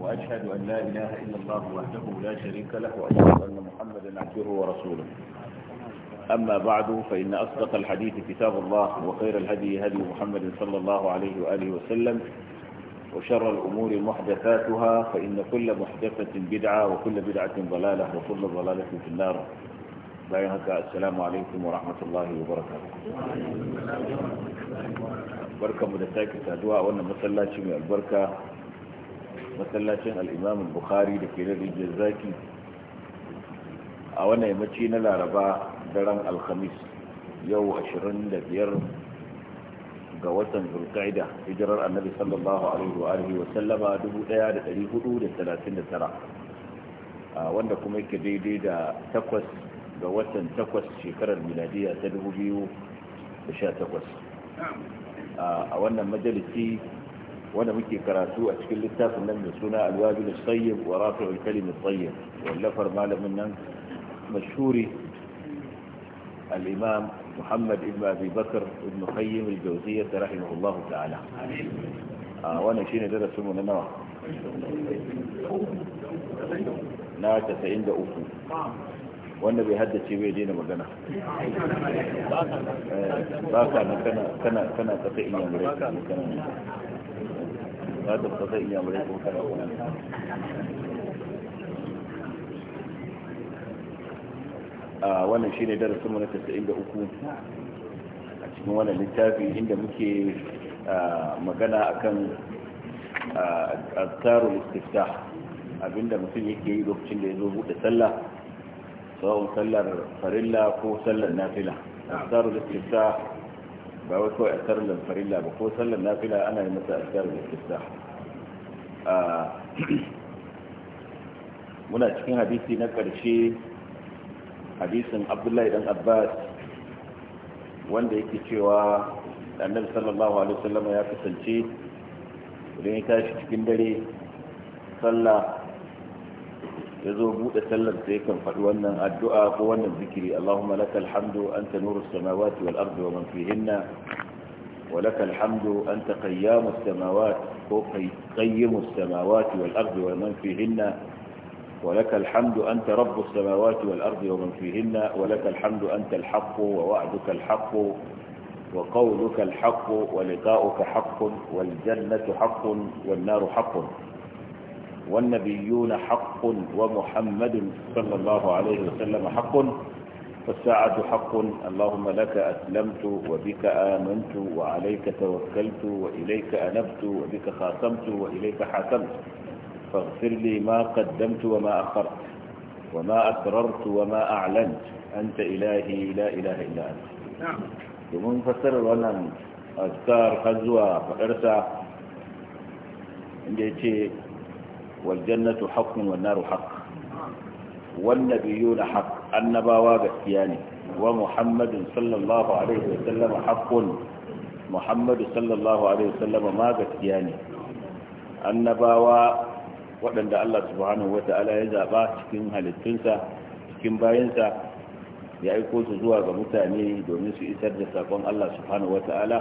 وأشهد أن لا إله إلا الله وحده لا شريك له وأشهد أن محمدا عبده ورسوله أما بعد فإن أصدق الحديث كتاب الله وخير الهدي هدي محمد صلى الله عليه وآله وسلم وشر الأمور محدثاتها فإن كل محدثة بدعة وكل بدعة ضلالة وكل ضلالة في النار السلام عليكم ورحمة الله وبركاته بركة مدتاك تدواء وأن مسلاتي من البركة masallacin al'imamin bukhari da ke rijiyar zaki a wannan yammaci na laraba daren alhamis yau 25 ga watan zurkaida hijirar annabi sallallahu alaihi wa sallama 1439 wanda kuma yake daidai da takwas ga watan takwas shekarar miladiya ta 2018 a wannan majalisi wanda muke karatu a cikin littafin nan mai suna alwabi da tsayyib wa rafi'ul kalimin tsayyib wallafar malamin nan mashhuri al-imam muhammad ibn abi bakar ibn qayyim al-jawziyya rahimahullah ta'ala a wannan shine darasin mu na nawa na 93 wanda bai haddace bai daina magana ba ka kana kana kana kasa in yamurai kana ya tabbata iya mure ko kada ko a wannan shine darasin mu na 93 a cikin wannan littafi inda muke magana akan azkarul istiftah abinda mutum yake yi lokacin da ya zo bude sallah sawon sallar farilla ko sallar nafila azkarul istiftah ba wai kawai asar lamfarilla ba ko sallar nafila ana yi masa asar da kista muna cikin hadisi na ƙarshe hadisin abdullahi dan abbas wanda yake cewa annabi sallallahu alaihi wasallam ya kasance idan ya tashi cikin dare sallah ya zo buɗe sallar da yakan faɗi wannan addu'a ko wannan zikiri Allahumma lakal hamdu anta nuru samawati wal ardi wa man fihinna wa lakal hamdu anta qayyamu samawati ko qayyimu samawati wal ardi wa man fihinna wa lakal hamdu anta rabbu samawati wal ardi wa man fihinna wa lakal hamdu anta al haqqu wa wa'duka al haqqu wa qawluka al haqqu wa liqa'uka haqqun wal jannatu haqqun wan naru haqqun والنبيون حق ومحمد صلى الله عليه وسلم حق فالساعة حق اللهم لك أسلمت وبك آمنت وعليك توكلت وإليك أنبت وبك خاتمت وإليك حاكمت فاغفر لي ما قدمت وما أخرت وما أسررت وما أعلنت أنت إلهي لا إله إلا أنت نعم ومن فسر ولن أذكار خزوة فأرسى عندما والجنة حق والنار حق والنبيون حق النباوة بكياني ومحمد صلى الله عليه وسلم حق محمد صلى الله عليه وسلم ما بكياني النباوة وعند الله سبحانه وتعالى إذا بات كنها للتنسى كن باينسى ya aiko su zuwa ga mutane domin su isar da sakon Allah subhanahu wata'ala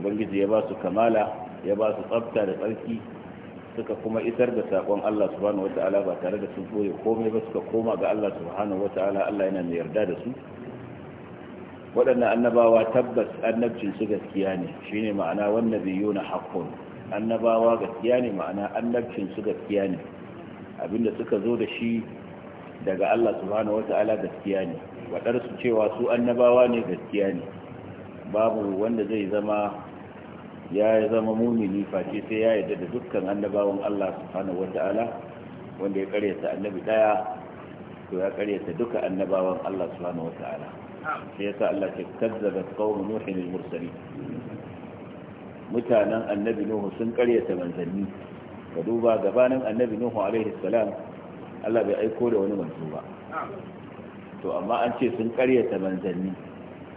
ubangiji ya ba su kamala ya ba su tsafta da tsarki suka kuma isar da sakon Allah subhanahu wata'ala ba tare da sun boye komai ba suka koma ga Allah subhanahu wata'ala Allah yana mai yarda da su waɗannan annabawa tabbas annabcin su gaskiya ne shine ma'ana wan nabiyuna haqqun annabawa gaskiya ne ma'ana annabcin su gaskiya ne abinda suka zo da shi daga Allah subhanahu wata'ala gaskiya ne wadar su cewa su annabawa ne gaskiya ne babu wanda zai zama ya zama mumini face sai ya yadda da dukkan annabawan Allah subhanahu wata'ala wanda ya karyata annabi daya to ya karyata duka annabawan Allah subhanahu wata'ala sai yasa Allah ke kazzabat qaum nuhin al-mursalin mutanen annabi nuhu sun karyata manzanni ka duba gabanin annabi nuhu alaihi salam Allah bai aiko da wani manzo ba to amma an ce sun karyata manzanni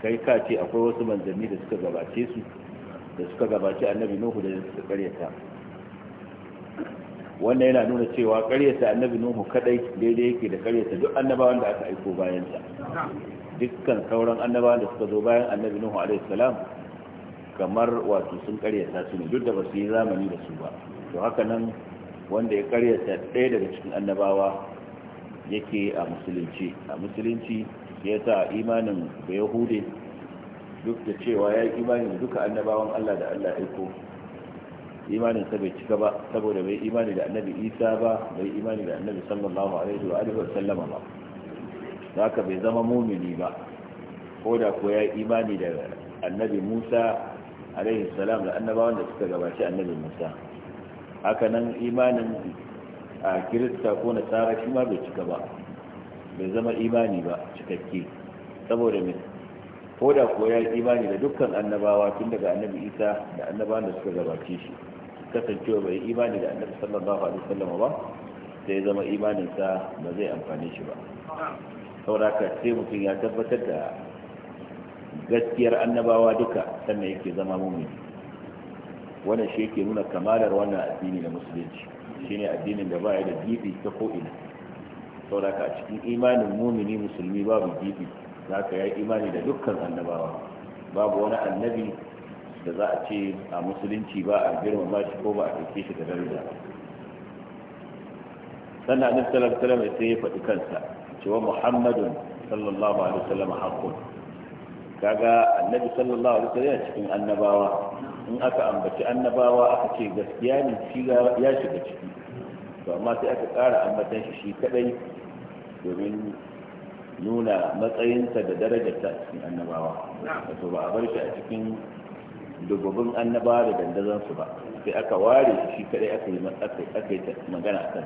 kai ka ce akwai wasu manzanni da suka gabace su da suka gabaci annabi nuhu da suka karyata wannan yana nuna cewa karyata annabi nuhu kadai daidai yake da karyata duk annabawan da aka aiko bayansa dukkan sauran annabawan da suka zo bayan annabi nuhu alaihi salam kamar wato sun karyata su ne duk da basu yi zamani da su ba to haka nan wanda ya karyata ɗaya daga cikin annabawa yake a musulunci a musulunci ya sa imanin da hude. duk da cewa ya yi imani duka annabawan Allah da Allah aiko imanin sa bai cika ba saboda bai imani da annabi Isa ba bai imani da annabi sallallahu alaihi wa alihi wasallama ba da haka bai zama mumini ba ko da ko ya yi imani da annabi Musa alaihi salam da annabawan da suka gabaci annabi Musa haka nan imanin a kirista ko na tsara shi ma bai cika ba bai zama imani ba cikakke saboda mai ko da ko ya imani da dukkan annabawa tun daga annabi isa da annabawan da suka gabace shi kasancewa bai imani da annabi sallallahu alaihi wasallam ba sai zama imaninsa ba zai amfane shi ba sauraka sai mutum ya tabbatar da gaskiyar annabawa duka sannan yake zama mumini wannan shi yake nuna kamalar wannan addini na musulunci shine addinin da ba ya da gibi ta ko'ina sauraka a cikin imanin mumini musulmi babu gibi za ka yi imani da dukkan annabawa babu wani annabi da za a ce a musulunci ba a girmama shi ko ba a ɗauke shi da daraja sannan annabi sallallahu alaihi wasallam sai ya faɗi kansa cewa muhammadun sallallahu alaihi wasallam haqqun kaga annabi sallallahu alaihi wasallam cikin annabawa in aka ambaci annabawa aka ce gaskiya ne shi ya shiga ciki to amma sai aka ƙara ambatan shi shi kadai domin nuna matsayinsa da darajarta a cikin annabawa wato ba a bar shi a cikin dububin annabawa da dandazansu ba sai aka ware shi kadai aka yi aka yi magana akan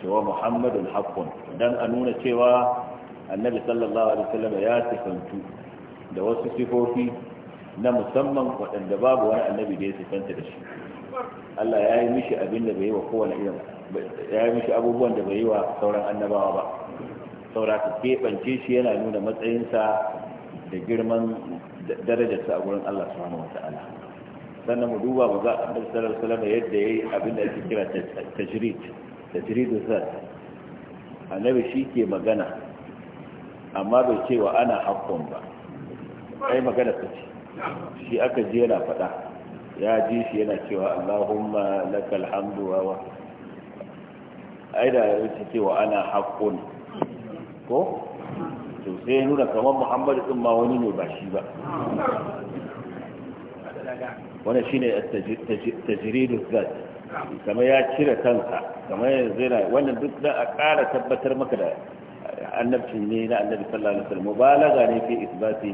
cewa muhammadun haqqun dan a nuna cewa annabi sallallahu alaihi wasallam ya sifantu da wasu sifofi na musamman waɗanda babu wani annabi da ya sifanta da shi Allah ya yi mishi abin da bai yi wa kowane irin ya yi mishi abubuwan da bai yi wa sauran annabawa ba sauraka keɓance shi yana nuna matsayinsa da girman darajarsa a gurin Allah subhanahu wata'ala sannan mu duba mu ga annabi sallallahu alaihi wasallam yadda yayi abin da ake kira tajrid tajrid zat annabi shi ke magana amma bai ce wa ana hakkon ba ai magana ta ce shi aka ji yana faɗa ya ji shi yana cewa Allahumma lakal hamdu wa ai da ya ce wa ana hakkon ko to sai nuna kamar muhammadu din ma wani ne ba shi ba wani shine tajridu zat kamar ya cire kansa kamar yanzu yana wannan duk da a ƙara tabbatar maka da annabcin ne na annabi sallallahu alaihi wasallam mubalaga ne fi isbati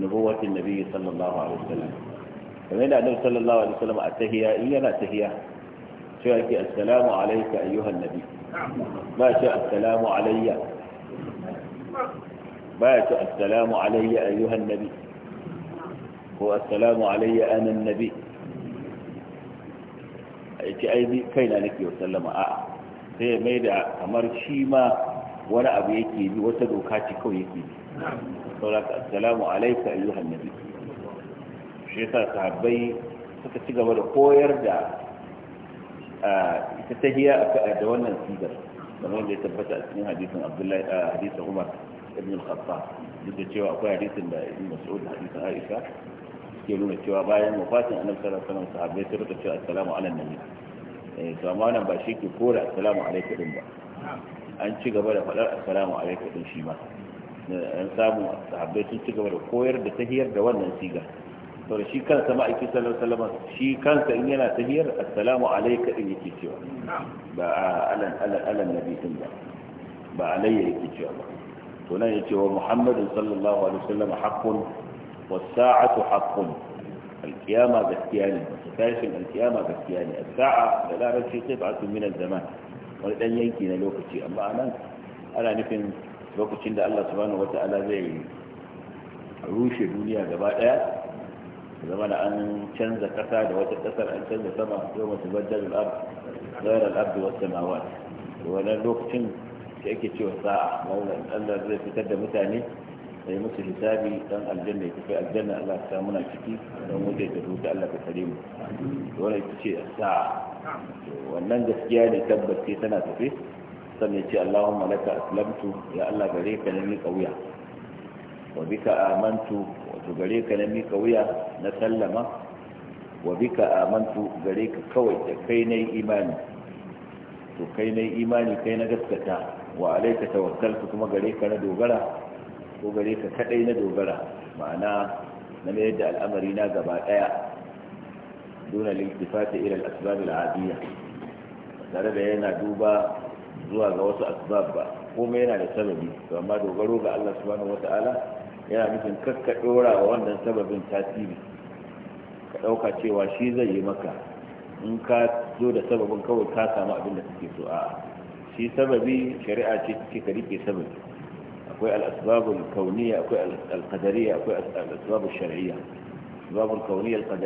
nubuwatin nabi sallallahu alaihi wasallam kamar da annabi sallallahu alaihi wasallam a tahiya in yana tahiya cewa ke assalamu alayka ayyuhan nabi ba ce assalamu alayya baya ce assalamu alayya ayyuhan nabi ko assalamu alayya anan nabi a yace ai ni kaina nake wa sallama a'a sai ya mai da kamar shi ma wani abu yake bi wata doka ce kawai yake bi sauraka assalamu alaika ayyuhan nabi shi yasa sahabbai suka ci gaba da koyar da ita tahiya da wannan sigar kamar da ya tabbata a cikin hadisin abdullahi a hadisin umar ibn al-khattab duk da cewa akwai hadisin da ibn mas'ud da hadisin aisha suke nuna cewa bayan wafatin annabi sallallahu alaihi wasallam sahabbai sun rika cewa assalamu ala nabi eh to amma wannan ba shi ke kore assalamu alaikum din ba an ci gaba da faɗar assalamu alaikum din shi ba eh, an samu sahabbai sun ci gaba da koyar da tahiyar da wannan siga to shi kansa ma'aikin sallallahu alaihi wasallam shi kansa in yana tahiyar assalamu alayka in yake cewa ba alan alan alan nabi din ba ba alayya yake cewa ba to nan yace wa muhammadin sallallahu alaihi wasallam haqqun was-sa'atu haqqun al-qiyama gaskiya ne tashin al-qiyama gaskiya ne as-sa'a da larabci qit'atun min az-zaman wani dan yanki na lokaci amma anan ana nufin lokacin da Allah subhanahu wata'ala zai rushe duniya gaba daya zama da an canza kasa da wata kasar an canza sama yau masu baddal al'ab zairar al'abdu wasu mawa wannan lokacin da ake cewa sa'a maulan allah zai fitar da mutane da yi musu hisabi don aljanna ya tafi aljanna allah ta muna ciki don wuce da hutu allah ta tare mu wannan ita ce sa'a wannan gaskiya ne tabbace tana tafi sannan ce allahumma laka aslamtu ya allah gare ka na miƙa wuya wa bika amantu to gare ka na mika wuya na sallama wa bika amantu gare ka kawai da kai na imani to kai na imani kai na gaskata wa alaika tawakkaltu kuma gare ka na dogara ko gare ka kadai na dogara ma'ana na mayar da al'amari na gaba daya duna lintifati ila al-asbab al-adiyya tare da yana duba zuwa ga wasu asbab ba komai yana da sababi to amma dogaro ga Allah subhanahu wata'ala yana nufin kakka ɗora wa wannan sababin tasiri ka ɗauka cewa shi zai yi maka in ka zo da sababin kawai ka samu abin da kake so a shi sababi shari'a ce take ka rike sababi akwai al'asbabul kauniya akwai al-qadariyya akwai al'asbabul shar'iyya asbabul kauniya al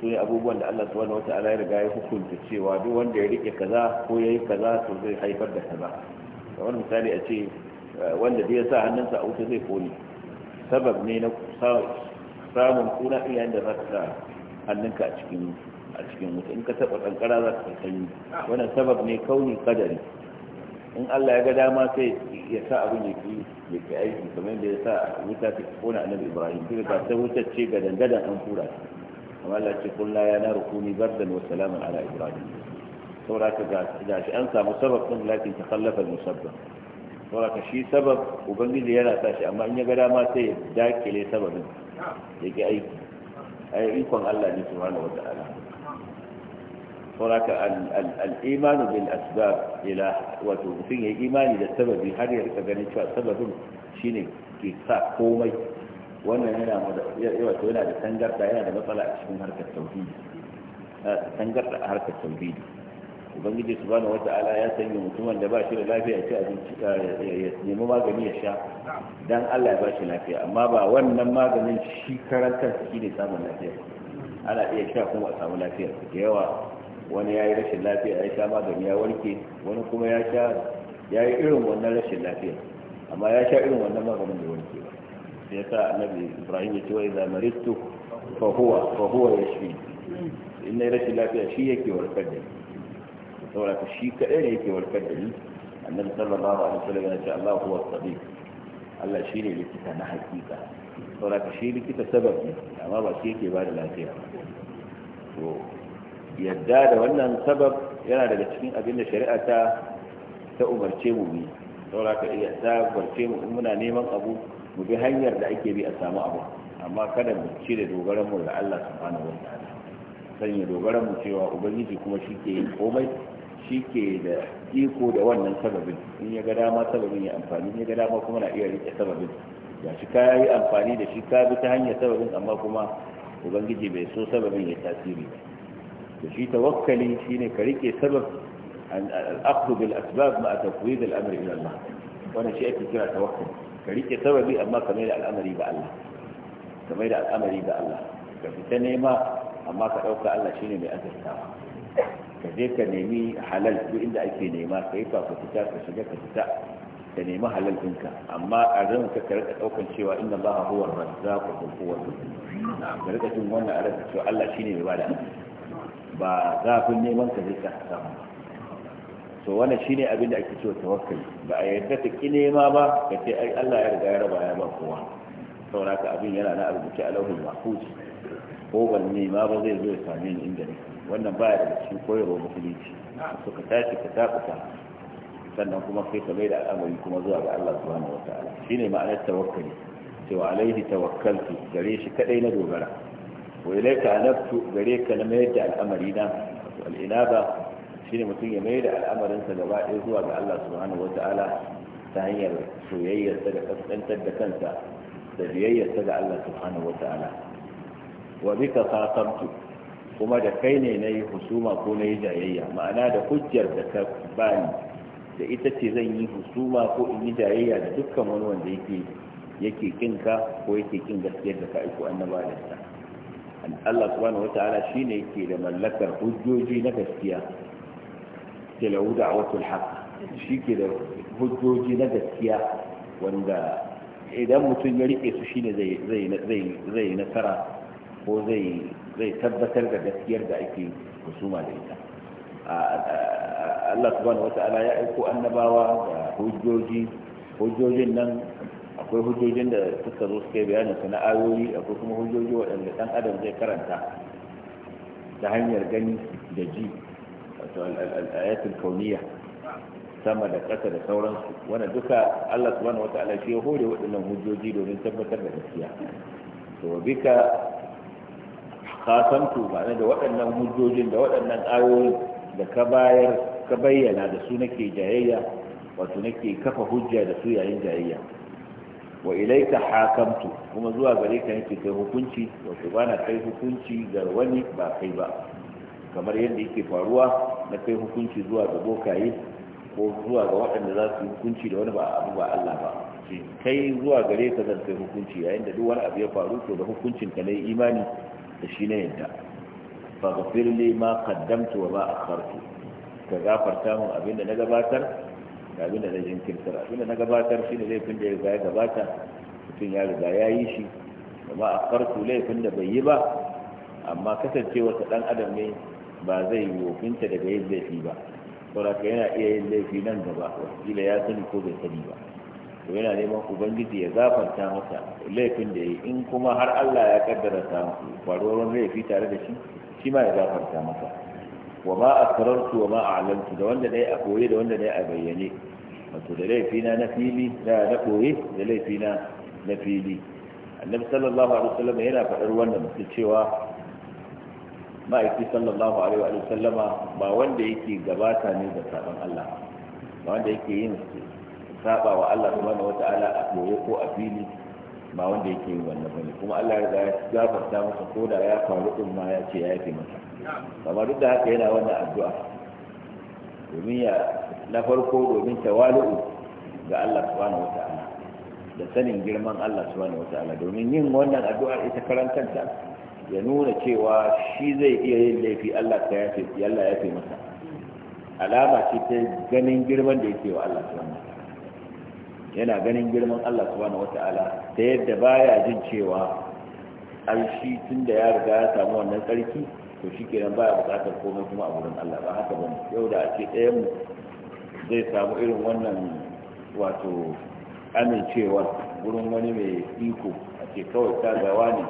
su ne abubuwan da Allah subhanahu wata'ala ya riga ya hukunta cewa duk wanda ya rike kaza ko yayi kaza to zai haifar da kaza kamar misali a ce wanda da ya sa hannunsa a wuta zai kone sabab ne na samun kuna yayin da za ka sa hannunka a cikin wuta in ka taɓa kankara za ka sanyi wani sabab ne kauni kadari in Allah ya ga dama sai ya sa abin ya fi ya fi aiki kamar da ya sa wuta ta kona annabi Ibrahim sai ka sai wuta ce ga dangadan an tura amma Allah ce kullu ya na rukuni bardan wa salaman ala Ibrahim saboda ka ga shi an samu sabab din lakin ta kallafa musabbab saboda shi sabab ubangiji yana sa shi amma in ya ga dama sai ya dakile sababin ya ki aiki ai ikon Allah ne subhanahu wata'ala saboda al-imanu bil asbab ila wato mutum ya imani da sababi har ya rika ganin cewa sababin shine ke sa komai wannan yana wato yana da tangarda yana da matsala a cikin harkar tauhidi tangarda a harkar tauhidi ubangiji wata ala ya sanya mutumin da ba shi da lafiya ya ci abinci ya nemi magani ya sha dan Allah ya ba shi lafiya amma ba wannan maganin shi karan kansa ne samun lafiya ana iya sha kuma a samu lafiya da yawa wani ya yi rashin lafiya ya sha magani ya warke wani kuma ya sha ya yi irin wannan rashin lafiya amma ya sha irin wannan maganin da warke ba sai ya sa annabi ibrahim ya ce wa idza maritu fa huwa fa huwa yashfi in rashin lafiya shi yake warkar da ni saboda ka shi kaɗai ne yake warkar da ni annabi sallallahu alaihi wasallam ya ce Allah huwa sadiq Allah shi ne likita na hakika saboda ka shi likita sababi amma ba shi yake ba da lafiya to yadda da wannan sabab yana daga cikin abin da shari'a ta ta umarce mu bi saboda ka iya ta umarce mu in muna neman abu mu bi hanyar da ake bi a samu abu amma kada mu cire dogaran mu da Allah subhanahu wa ta'ala sanya dogaran mu cewa ubangiji kuma shi ke yin komai shi ke da iko da wannan sababin in ya ga dama sababin ya amfani in ya ga dama kuma na iya rike sababin ya shi ka yi amfani da shi ka bi ta hanyar sababin amma kuma ubangiji bai so sababin ya tasiri da shi tawakkali shi ne ka rike sabab al-akhdhu bil asbab ma tafwid al-amr ila Allah wannan shi ake kira tawakkali ka rike sababi amma kamar da al'amari ga Allah kamar da al'amari ga Allah ka fita nema amma ka ɗauka Allah shi ne mai azurtawa ka je ka nemi halal duk inda ake nema ka yi fafutuka ka shiga ka fita ka nemi halal ɗinka amma a zan ka rika ɗaukan cewa inna ba a huwar razza ko Na ka rika jin wannan a rasa cewa Allah shine mai bada ba za ku neman ka zika ka samu to wannan shine abin da ake cewa tawakkali ba a yarda ka ki nema ba ka ce ai Allah ya riga ya raba ya ba kowa saboda abin yana na rubuce a lauhul mahfuz ko ban nema ba zai zo ya same ni inda ni? wannan baya da cikin koyarwa musulunci suka tashi ka takuta sannan kuma kai ka mai da al'amari kuma zuwa ga Allah subhanahu wataala shine ma'anar tawakkali cewa alaihi tawakkaltu gare shi kadai na dogara wa ilaika anabtu gare ka na mayar da al'amari na al'inaba shine mutum ya mayar da al'amarinsa gaba ɗaya zuwa ga Allah subhanahu wataala ta hanyar soyayyarsa da kaskantar da kansa da biyayyarsa ga Allah subhanahu wataala wa bika khatamtu kuma da kai ne na yi husuma ko na yi jayayya ma'ana da hujjar da ka bani da ita ce zan yi husuma ko in yi jayayya da dukkan wani wanda yake yake kinka ko yake kin gaskiyar da ka aiko annaba da ta Allah subhanahu wata'ala shine yake da mallakar hujjoji na gaskiya ke da da'watul haqq shi ke da hujjoji na gaskiya wanda idan mutum ya rike su shine zai zai nasara ko zai zai tabbatar da gaskiyar da ake husuma da ita Allah subhanahu wata'ala ya aiko annabawa da hujjoji hujjojin nan akwai hujjojin da suka zo suka bayani su na ayoyi akwai kuma hujjoji waɗanda ɗan adam zai karanta ta hanyar gani da ji wato al'ayatul kauniya sama da ƙasa da sauransu wanda duka Allah subhanahu wata'ala shi ya hore waɗannan hujjoji domin tabbatar da gaskiya to bika khasamtu ma'ana da waɗannan hujjojin da waɗannan ayoyin da ka bayar ka bayyana da su nake jayayya wato nake kafa hujja da su yayin jayayya wa ilaika hakamtu kuma zuwa gare ka nake kai hukunci wato bana kai hukunci ga wani ba kai ba kamar yadda yake faruwa na kai hukunci zuwa ga bokaye ko zuwa ga waɗanda za su yi hukunci da wani ba abu ba Allah ba kai zuwa gare ka zan kai hukunci yayin da duk wani abu ya faru to da hukuncin ka na imani da shi na yadda faghfir li ma kaddamta wa ma akhartu ka gafarta mun abinda na gabatar da abinda na jinkirtar abinda na gabatar shine laifin da ya ya gabata mutum ya riga ya yi shi wa a akhartu laifin da bai yi ba amma kasance wata dan adam ne ba zai yi wofinta daga yin laifi ba saboda yana iya yin laifi nan gaba kila ya sani ko bai sani ba to yana neman ubangiji ya gafarta masa laifin da yi in kuma har Allah ya kaddara ta faruwar wani laifi tare da shi shi ma ya gafarta masa wa ma asrartu wa ma a'lantu da wanda dai a koye da wanda dai a bayyane wato da laifi na na fili da na koye da laifi na na fili annabi sallallahu alaihi wasallam yana faɗar wannan mutum cewa ma'aiki sallallahu alaihi wasallama ba wanda yake gabata ne da sabon Allah ba wanda yake yin saba wa Allah subhanahu wataala a koye ko a fili ba wanda yake yi wannan bane kuma Allah ya ya gafarta masa ko da ya faru din ma ya ce ya yafe masa amma duk da haka yana wannan addu'a domin ya na farko domin tawali'u ga Allah subhanahu wataala da sanin girman Allah subhanahu wataala domin yin wannan addu'a ita karantanta ya nuna cewa shi zai iya yin laifi Allah ta yafe Allah ya yafe masa alama ce ta ganin girman da yake wa Allah subhanahu yana ganin girman Allah subhanahu wata'ala da yadda baya jin cewa ai shi tunda ya riga ya samu wannan sarki to shikenan baya bukatar komai kuma a gurin Allah ba haka bane yau da ake ɗayan mu zai samu irin wannan wato amincewa gurin wani mai iko a ce kawai ta gawa ne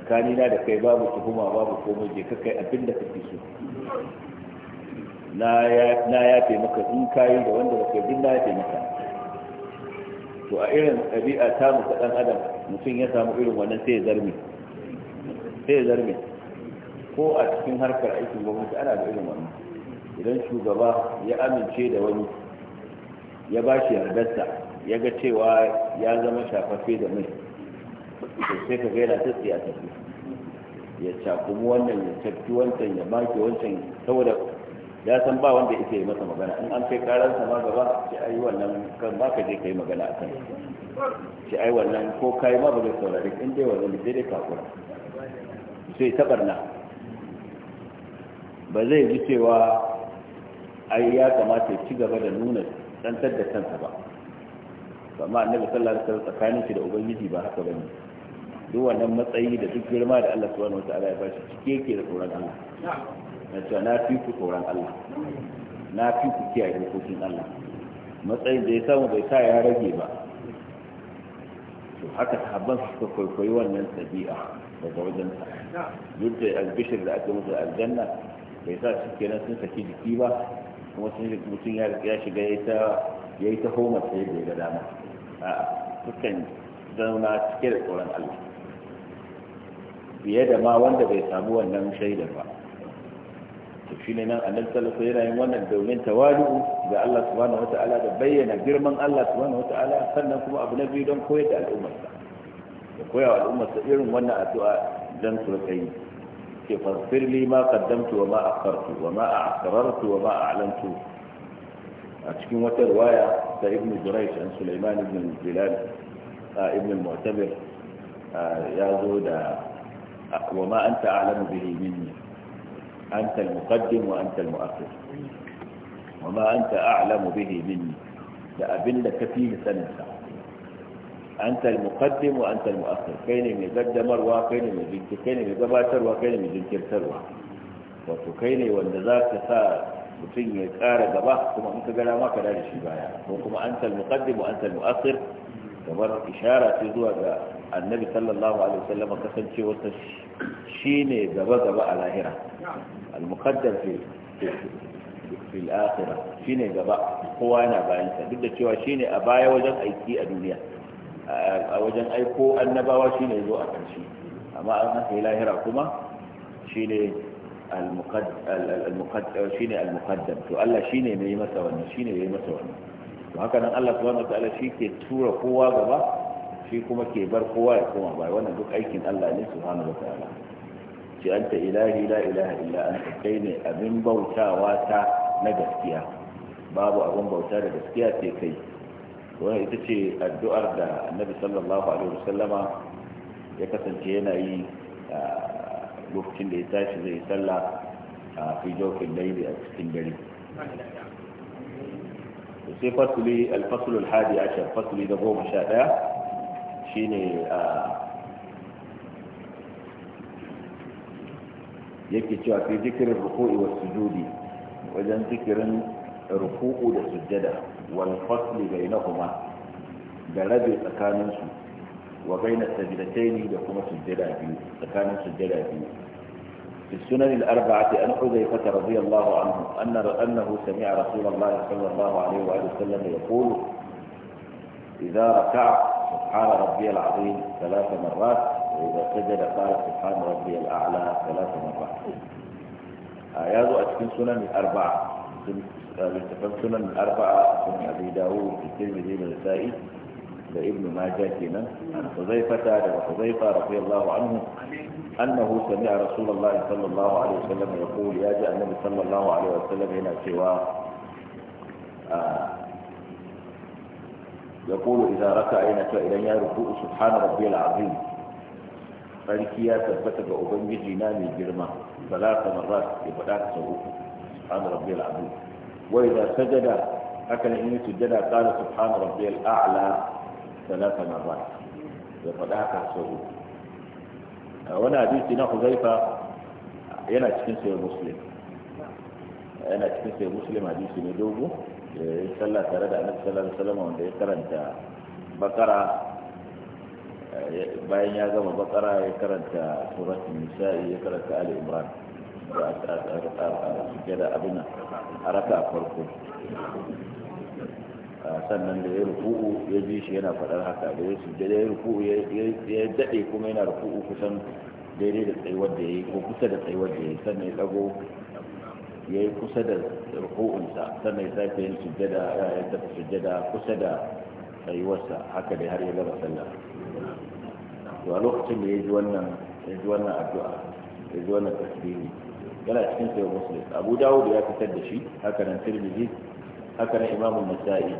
tsakanina da kai babu tuhuma babu komai je ka kai abin da kake so na ya maka in kayi da wanda baka bin na yafe maka to a irin ɗabi'a ta muka ɗan adam mutum ya samu irin wannan sai ya zarme sai ya zarme ko a cikin harkar aikin gwamnati ana da irin wannan idan shugaba ya amince da wani ya ba shi yardarsa ya ga cewa ya zama shafaffe da mai to sai ka gaira ta tsiya ta ya cakumu wannan ya tafi wancan ya maki wancan saboda ya san ba wanda yake yi masa magana in an kai karar sa ma gaba ce ai wannan kan ba ka je kai magana akan ce ai wannan ko kai ma ba zai saurari. in dai wannan sai dai kakura sai ta barna ba zai ji cewa ai ya kamata ya ci gaba da nuna tsantar da kansa ba amma annabi sallallahu alaihi wasallam tsakanin shi da ubangiji ba haka bane duk wannan matsayi da duk girma da Allah subhanahu wataala ya bashi cike yake da tsoron Allah na cewa na fi ku tsoron Allah na fi ku kiyaye hukuncin Allah matsayin da ya samu bai sa ya rage ba to haka sahabban suka kwaikwayi wannan tabi'a daga wajen sa duk da albishir da aka musu aljanna bai sa su kenan sun saki jiki ba kuma sun mutum ya shiga ya yi ta homa sai da ya ga dama a'a sukan zauna cike da tsoron Allah fiye da ma wanda bai samu wannan shaidar ba to shine nan annabi sallallahu alaihi wasallam yana yin wannan domin tawali'u ga Allah subhanahu wataala da bayyana girman Allah subhanahu wataala sannan kuma abu na biyu don koyar da al'ummarsa da koya wa al'ummarsa irin wannan addu'a dan su rika ke fasfir li ma qaddamtu wa ma akhartu wa ma a'sarartu wa ma a'lantu a cikin wata riwaya ta ibn Jurayj an Sulaiman ibn Bilal ibn Mu'tabir ya zo da wa ma anta a'lamu bihi minni أنت المقدم وأنت المؤخر وما أنت أعلم به مني لأبن كثير سنسا أنت المقدم وأنت المؤخر كين من الزجمر وكين من الزجمر كين من الزباتر وكين من الزجمر سروا وكين والنزاك سار وكين من الزجمر سار كما أنت قال ما كان هذا الشبايا وكما أنت المقدم وأنت المؤخر كما إشارة تزوى النبي صلى الله عليه وسلم قسم شيء وتشيء Shi ne gaba gaba a lahira al muqaddar fi fil akhirah ne gaba kowa yana bayan duk da cewa shi ne a baya wajen aiki a duniya a wajen aiko annabawa shi ne zo a karshe amma an haka lahira kuma shi al al muqaddar to Allah shi ne mai masa wannan ne mai masa wannan to haka nan Allah subhanahu wa ta'ala shi ke tura kowa gaba shi kuma ke bar kowa ya koma bai wannan duk aikin Allah ne da ta'ala ce anta ilahi la ilaha illa anta kai ne abin bautawa ta na gaskiya babu abin bauta da gaskiya sai kai wannan ita ce addu'ar da annabi sallallahu alaihi wasallama ya kasance yana yi lokacin da ya tashi zai sallah a fijofin laili a cikin dare sai fasuli alfasulul hadi ashar fasuli da goma sha ɗaya shine a yake cewa fi zikirin ruku'i wa sujudi wajen zikirin ruku'u da sujjada wal fasli bainahuma da rabe tsakanin su wa bainat sajdatayn da kuma sujjada biyu tsakanin sujjada biyu في السنن الأربعة أن حذيفة رضي الله عنه أن أنه سمع رسول الله صلى الله عليه وآله وسلم يقول إذا ركعت سبحان ربي العظيم ثلاث مرات وإذا سجد قال سبحان ربي الأعلى ثلاث مرات آيات أتكن سنن أربعة لتفن سنن أربعة سنن أبي داوود الترمذي والنسائي لابن ماجه كنا عن حذيفة عن حذيفة رضي الله عنه أنه سمع رسول الله صلى الله عليه وسلم يقول يا جاء النبي صلى الله عليه وسلم هنا سوى آه يقول إذا ركع أين إلى ركوع سبحان ربي العظيم sarki ya tabbata ga ubangiji na mai girma salata marrat ya faɗa ta sau uku subhana rabbiyal azim wa idza sajada haka ne in sujada qala subhana rabbiyal a'la salata marrat ya faɗa ta sau uku wani hadisi na Huzaifa yana cikin sayar Muslim yana cikin sayyid Muslim hadisi ne dogo da ya sallah tare da annabi sallallahu alaihi wasallam wanda ya karanta bakara eh, bayan ya gama bakara ya karanta suratul nisa'i ya karanta ali imran da abin a farko sannan da ya ruku'u ya ji shi yana faɗar haka da ya da ya ruku'u ya daɗe kuma yana ruku'u kusan daidai da tsayuwar da ya yi ko kusa da tsayuwar da ya yi sannan ya ɗago ya yi kusa da ruku'unsa sannan ya sake yin sujjada ya tafi sujjada kusa da tsayuwarsa haka da har ya gaba sallah to a lokacin da ya ji wannan ya ji wannan addu'a ya ji wannan tasbihi yana cikin sayo muslim abu dawud ya fitar da shi haka nan tirmidhi haka nan imamun nasa'i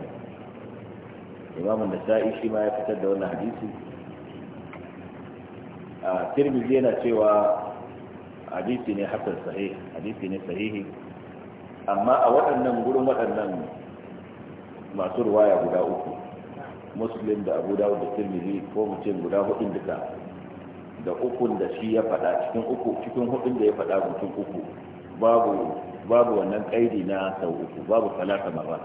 imamun nasa'i shi ma ya fitar da wannan hadisi a tirmidhi yana cewa hadisi ne hasan sahih hadisi ne sahihi amma a waɗannan gurin waɗannan masu ruwaya guda uku muslim da abu dawud da tirmidhi ko mutum guda hudun duka da ukun da shi ya faɗa cikin uku cikin hudun da ya faɗa mutum uku babu babu wannan kaidi na sau uku babu salata marra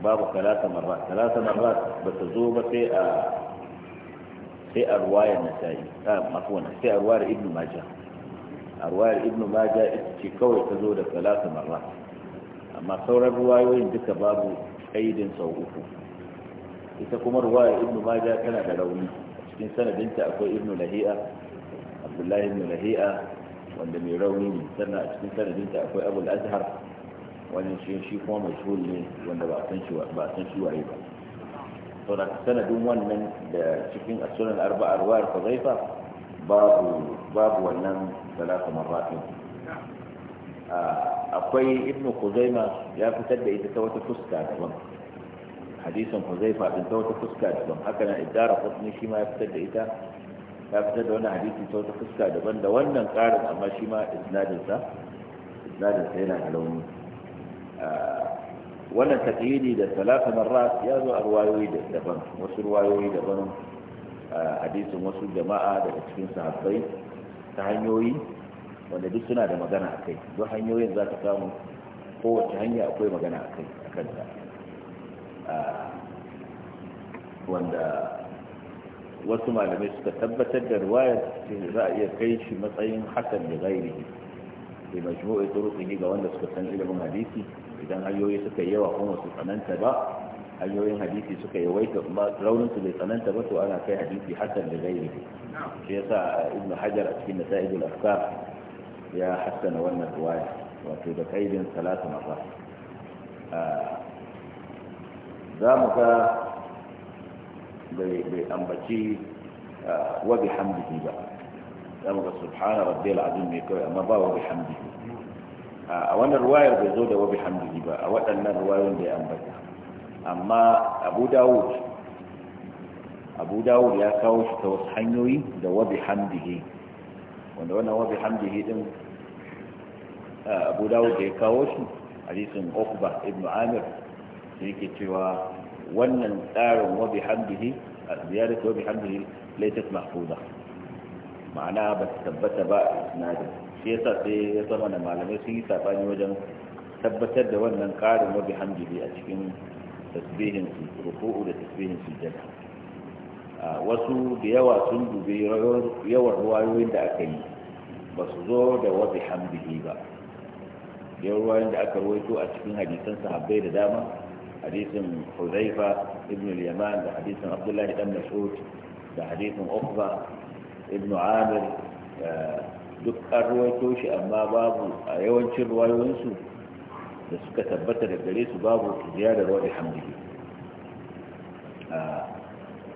babu salata marra salata marra ba ta zo ba sai a sai a ruwayar nasa'i ah, afuwan sai a ruwayar ibn maja a ruwayar ibn maja ita ce kawai ta zo da talata marra amma sauran ruwayoyin duka babu kaidin sau uku ita kuma ruwayar ibn maja tana da rauni cikin sanadinta akwai ibn lahi'a abdullahi ibn lahi'a wanda mai rauni ne sannan a cikin sanadinta akwai abul azhar wani shi kuma mashhur ne wanda ba san shi waye ba saboda sanadin wannan da cikin asunan arba'a ruwayar huzaifa babu babu wannan salatu marratin akwai ibn huzaima ya fitar da ita ta wata fuska daban hadisin huzaifa din ta wata fuska daban haka nan idara qutni shi ma ya fitar da ita ya fitar da wannan hadisi ta wata fuska daban da wannan karin amma shi ma isnadin sa isnadin sa yana da launi wannan taklidi da salatu marrat ya zo a ruwayoyi daban wasu ruwayoyi daban hadisin wasu jama'a daga cikin sahabbai ta hanyoyi wanda duk suna da magana a kai duk hanyoyin za ka samu kowace hanya akwai magana a kai a kanta wanda wasu malamai suka tabbatar da ruwayar za a iya kai shi matsayin hasan da gairi da majmu'i turuqihi ga wanda suka san ilimin hadisi idan ayoyi suka yi yawa kuma su tsananta ba ayoyin hadisi suka yawaita ba raunin su bai tsananta ba to ana kai hadisi hasan da gairi shi yasa ibnu hajar a cikin nasa'idul afkar ya hasana wannan riwaya wato da kaidin salatu mafa za mu ga bai ambaci wa bihamdihi ba za mu ga subhana rabbil azim ne kawai amma ba wa bihamdihi a wannan ruwayar bai zo da wabi bihamdihi ba a waɗannan ruwayoyin da ya ambata amma abu dawud abu dawud ya kawo shi ta wasu hanyoyi da wabi bihamdihi wanda wannan wabi bihamdihi din abu dawud da ya kawo shi hadisin ukba ibn amir da yake cewa wannan tsarin wabi wa bihamdihi ziyaratu wabi bihamdihi laysat mahfuza ma'ana ba tabbata ba isnadin shi yasa sai ya zama da malamai sun yi sabani wajen tabbatar da wannan karin wabi hamdili a cikin tasbihin su ruku'u da tasbihin jada wasu da yawa sun dubi yawan ruwayoyin da aka yi ba su zo da wabi hamdili ba yawan ruwayoyin da aka ruwaito a cikin hadisan sahabbai da dama hadisin huzaifa ibn yaman da hadisin abdullahi dan mas'ud da hadisin uqba ibn amir eh, duk an ruwaito shi amma babu a yawancin ruwayoyinsu da suka tabbata da gare su babu ziyarar wani hamdiki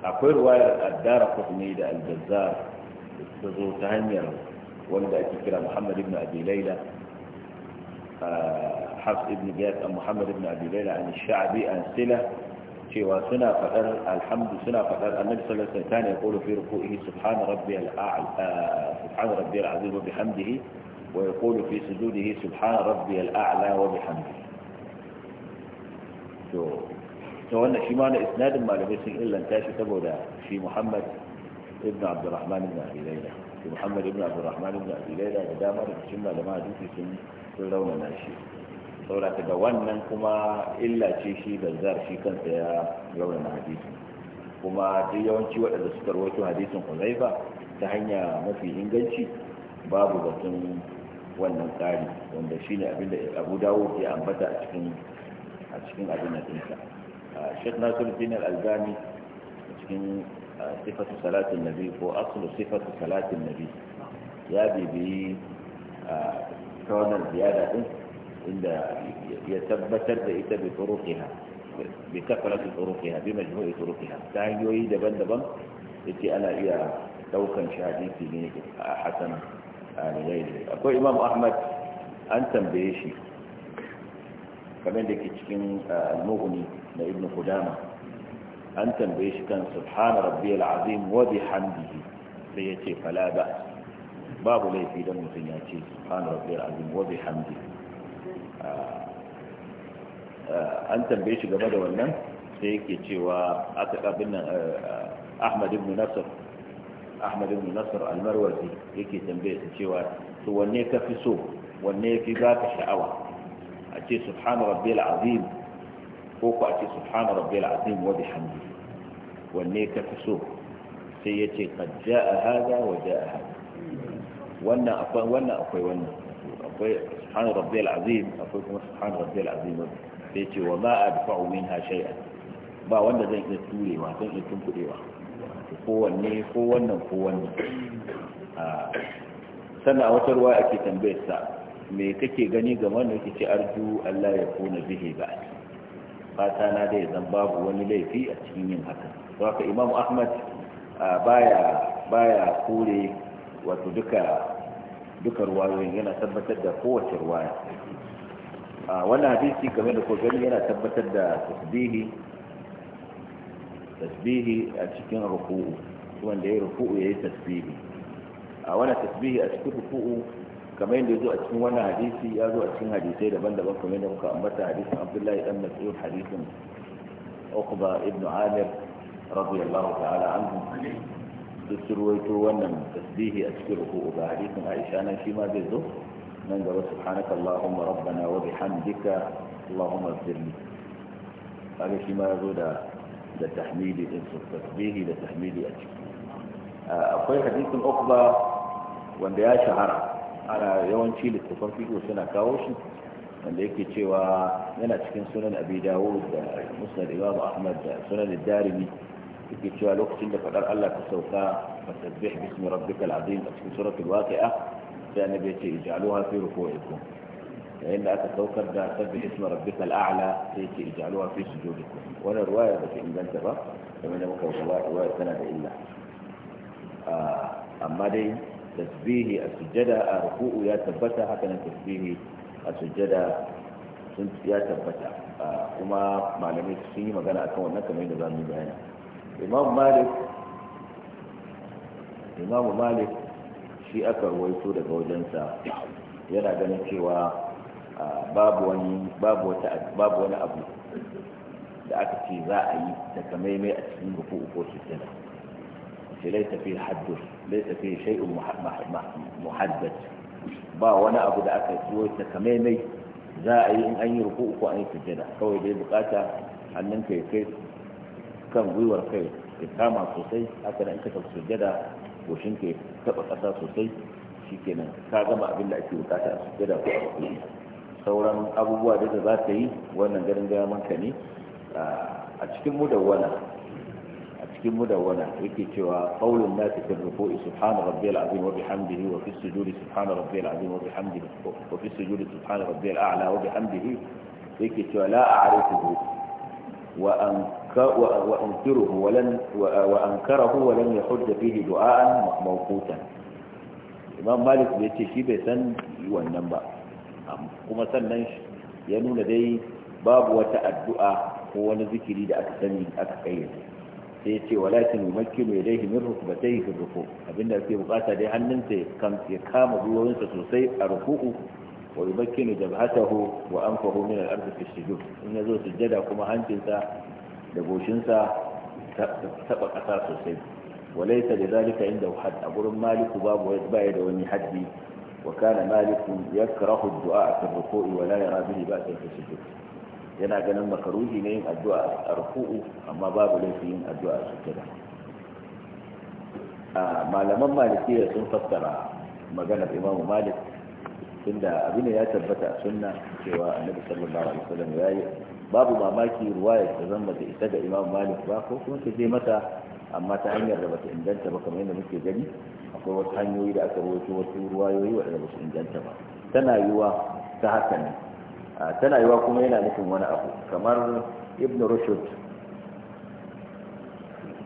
akwai ruwayar addara kudne da aljazzar ta zo ta hanyar wanda ake kira muhammad ibn abi laila حفص بن جاد عن محمد بن أبي ليلى عن الشعبي عن cewa suna faɗar alhamdu suna faɗar annabi sallallahu alaihi wasallam ya kulu fi ruku'ihi subhana rabbiyal a'la subhana rabbiyal azim wa bihamdihi wa yaqulu fi sujudihi subhana rabbiyal a'la wa bihamdihi to to wannan shi ma na isnadin malamai sun illanta shi saboda shi Muhammad ibn Abdurrahman ibn Abi Layla shi Muhammad ibn Abdurrahman ibn Abi Layla da dama da cikin malaman hadisi sun raunana shi saboda da wannan kuma illa ce shi banzar shi kansa ya raunana hadisi kuma duk yawanci waɗanda suka rawaito hadisin huzaifa ta hanya mafi inganci babu batun wannan tsari wanda shi ne abinda abu dawo ya ambata a cikin cikin abin da ɗinsa shek nasiruddin al'albani a cikin sifatu salatin nabi ko asulu sifatu salatin nabi ya bibiyi ta wannan ziyada ɗin إلا يتبتد إتى بطرقها بكثره طرقها بمجموع طرقها كان يريد بند بم إتي أنا إيا توقع شهدين في جنيك حسن آل غير أقول إمام أحمد أنت بيشي كمان لك تشكين آه، المغني لابن قدامة أنت بيشي كان سبحان ربي العظيم وبحمده ليتي فلا بأس باب لي في دم سبحان ربي العظيم وبحمده an tambaye shi game da wannan sai yake cewa aka kabin nan eh, ahmad ibn nasr ahmad ibn nasr al-marwazi yake tambaye shi cewa to wanne ka fi so wanne ya fi ba ka sha'awa a ce subhana rabbiyal azim ko ku a ce subhana rabbiyal azim wa bihamdi wanne ka fi so sai ya ce kad ja'a hada wa ja'a hada wannan akwai wannan akwai wannan akwai subhana rabbiyal azim akwai kuma subhana rabbiyal azim sai ce wa ma adfa'u minha shay'an ba wanda zan iya turewa zan iya tunkudewa kowanne ko wannan ko wannan sannan a wata ruwa ake tambayar sa me kake gani game da yake ce arju Allah ya kuna bihi ba fata na da zan babu wani laifi a cikin yin haka to haka Imam Ahmad baya baya kore wato duka duka ruwayoyin yana tabbatar da kowace ruwaya a wannan hadisi game da kokari yana tabbatar da tasbihi tasbihi a cikin ruku'u wanda ya ruku'u ya yi tasbihi a wannan tasbihi a cikin ruku'u kamar yadda zo a cikin wannan hadisi ya zo a cikin hadisai daban-daban kamar yadda muka ambata hadisin abdullahi dan mas'ud hadisin uqba ibn amir radiyallahu ta'ala anhu duk su wannan tasbihi a cikin ruku'u ba hadisin Aisha nan shi ma zai zo nan gaba subhanaka allahumma rabbana wa bihamdika allahumma ighfirli kaga shi ma yazo da da tahmidi din su tasbihi da tahmidi a ciki akwai hadisin ukba wanda ya shahara ana yawanci littafan fiqh suna kawo shi wanda yake cewa yana cikin sunan abi dawud da musnad imam ahmad da sunan ad-darimi في جوا لوقت اللي فقر الله كسوفا فسبح باسم ربك العظيم في سورة الواقعة كان بيتي اجعلوها في ركوعكم فإن أتسوك بها سبح اسم ربك الأعلى بيتي اجعلوها في سجودكم وانا رواية بك إن بنت رب فمن أمك رواية سنة إلا آه، أما دي تسبيه السجدة الركوع آه، يا تبتا حتى تسبيه السجدة يا تبتا كما آه، معلمي تسيني مغانا أكون لك من ذلك Imamu malik imam malik shi aka ruwaito daga wajensa yana ganin cewa babu wani babu wata babu wani abu da aka ce za a yi takamaimai a cikin ruku uku sujjada ce laita fi haddus laita fi shay'un muhaddas ba wani abu da aka ci ciwo takamaimai za a yi in an yi ruku uku an yi sujjada kawai dai bukata hannunka ya kai kan gwiwar kai ya kama sosai haka nan ka tafi sujjada goshin ke ya taba ƙasa sosai shikenan ka gama abin da ake bukata a sujjada ko a sauran abubuwa da za ta yi wannan garin gaya manka ne a cikin mudawwana a cikin mudawwana yake cewa qaulun nasi fi ruku'i subhana rabbiyal azim wa bihamdihi wa fi sujudi subhana rabbiyal azim wa bihamdihi wa fi sujudi subhana rabbiyal a'la wa bihamdihi yake cewa la a'rifuhu wa an وأنكره ولن وأنكره ولن يحج فيه دعاء موقوتا الإمام مالك بيتي شي بيسن يوانن با كما zikiri ينون دي باب وتأدعاء هو نذكر إذا أكسني أكسين sayace wala ta numakkin mai dai himin rukubatai ga rufu abinda ke bukata dai hannunsa ya kama ruwansa sosai a ruku'u wa rubakkin da ba wa an faru min in ya zo sujjada kuma hancinsa da goshinsa taba kasa sosai walaisa da zalika inda had a gurin maliku babu baya da wani haddi wa kana maliku yakrahu du'a fi ruku'i wa la yara bihi ba'sa fi yana ganin makaruhi ne yin addu'a a ruku'u amma babu laifi yin addu'a a sujud malaman malikiya sun fassara maganar imamu malik tunda abin ya tabbata a sunna cewa annabi sallallahu alaihi wasallam ya yi babu mamaki ruwaya ta zama da ita da imam malik ba ko kuma ta je mata amma ta hanyar da bata inganta ba kamar yadda muke gani akwai wasu hanyoyi da aka rawaito wasu ruwayoyi waɗanda ba su inganta ba tana yiwa ta haka ne tana yiwa kuma yana nufin wani abu kamar ibn rushd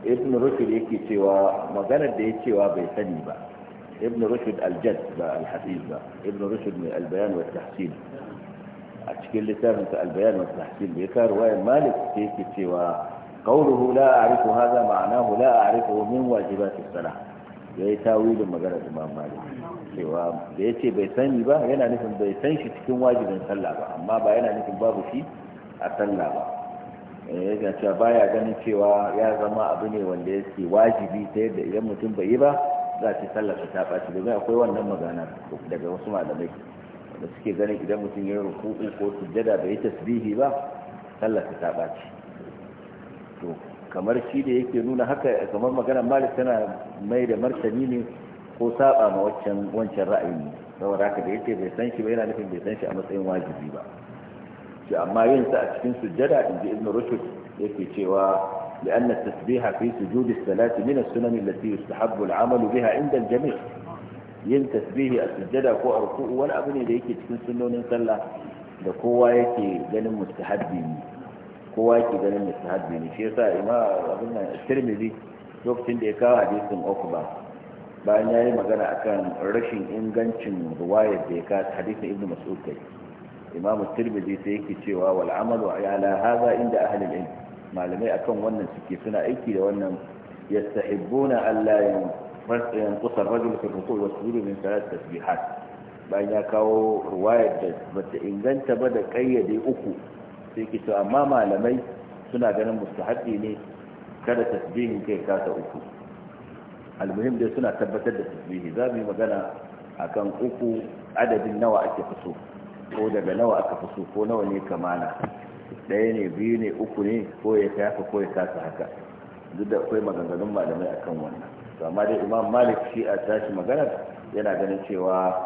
ibn rushd yake cewa maganar da ya cewa bai sani ba ibn rushd al-jadd ba al-hafiz ba ibn rushd mai al-bayan wa tahsin a cikin littafin sa al-bayan tahsin bai ka ruwaya malik sai yake cewa qawluhu la a'rifu hadha ma'anahu la a'rifu min wajibati as-salah yayi tawilin maganar imam malik cewa da yace bai sani ba yana nufin bai san cikin wajibin sallah ba amma ba yana nufin babu shi a sallah ba eh, yana cewa baya ganin cewa ya zama abu ne wanda yake wajibi ta yadda idan mutum bai yi ba za ta sallarsa ta ɓaci domin akwai wannan magana daga wasu malamai da suke ganin idan mutum ya rukuku ko sujjada bai yi tasbihi ba sallarsa ta ɓaci to kamar shi da yake nuna haka kamar maganar malik tana mai da martani ne ko saba ma waccan wancan ra'ayi saboda haka da yake bai san shi ba yana nufin bai san shi a matsayin wajibi ba shi amma yin sa a cikin sujjada inji ibn rushd yake cewa لأن التسبيح في سجود الصلاة من السنن التي يستحب العمل بها عند الجميع yin tasbihi a sujjada ko a ruku'u wani abu ne da yake cikin sunnonin sallah da kowa yake ganin mustahabbi ne kowa yake ganin mustahabbi ne shi yasa ima abin nan tirmidhi lokacin da ya kawo hadisin ukba bayan ya yi magana akan rashin ingancin ruwayar da ya kawo hadisin ibnu mas'ud kai imamu tirmidhi sai yake cewa wal amalu ala hadha inda ahli al-ilm malamai akan wannan suke suna aiki da wannan yastahibbuna allah yin ar-rajul fi ruku' wa sujud min salat tasbihat bayan ya kawo ruwayar da bata inganta ba da kayyade uku sai to amma malamai suna ganin mustahabi ne kada tasbihin kai kasa uku almuhim dai suna tabbatar da tasbihi za mu yi magana akan uku adadin nawa ake fi so ko daga nawa aka fi so ko nawa ne kamana ɗaya ne biyu ne uku ne ko ya kai haka ko ya kasa haka duk da akwai maganganun malamai akan wannan to amma dai imam malik shi a tashi magana, yana ganin cewa